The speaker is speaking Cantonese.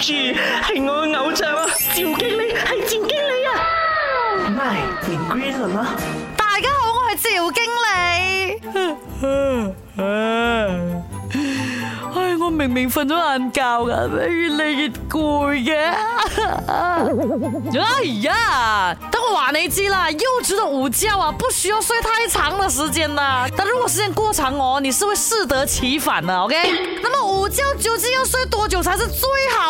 住係我嘅偶像啊！趙經理係趙經理啊！My be g r e 啦！啊、大家好，我係趙經理。 唉，我明明瞓咗晏覺噶，越嚟越攰嘅。哎呀，等我話你知啦！幼稚的午覺啊，不需要睡太長嘅時間啦。但如果時間過長哦，你是會適得其反啊 OK， 那麼午覺究竟要睡多久才是最好的？